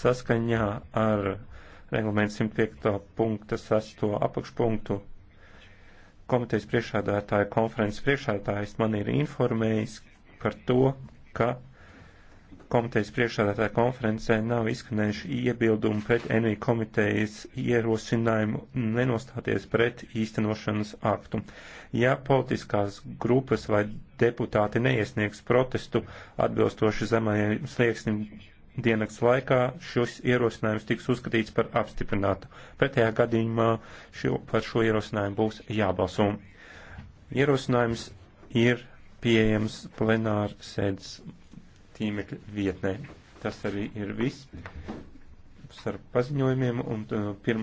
Saskaņā ar reglamentu 105. punkta 6. apakšpunktu komitejas priekšādātāja konferences priekšādātājs man ir informējis par to, ka komitejas priekšādātāja konferencē nav izskanējuši iebildumi pret NV komitejas ierosinājumu nenostāties pret īstenošanas aktu. Ja politiskās grupas vai deputāti neiesniegs protestu atbilstoši zemajiem slieksnim dienas laikā šis ierosinājums tiks uzskatīts par apstiprinātu. Pretējā gadījumā šo, par šo ierosinājumu būs jābalso. Ierosinājums ir pieejams plenāra sēdes tīmekļa vietnē. Tas arī ir viss par paziņojumiem un uh, pirmā.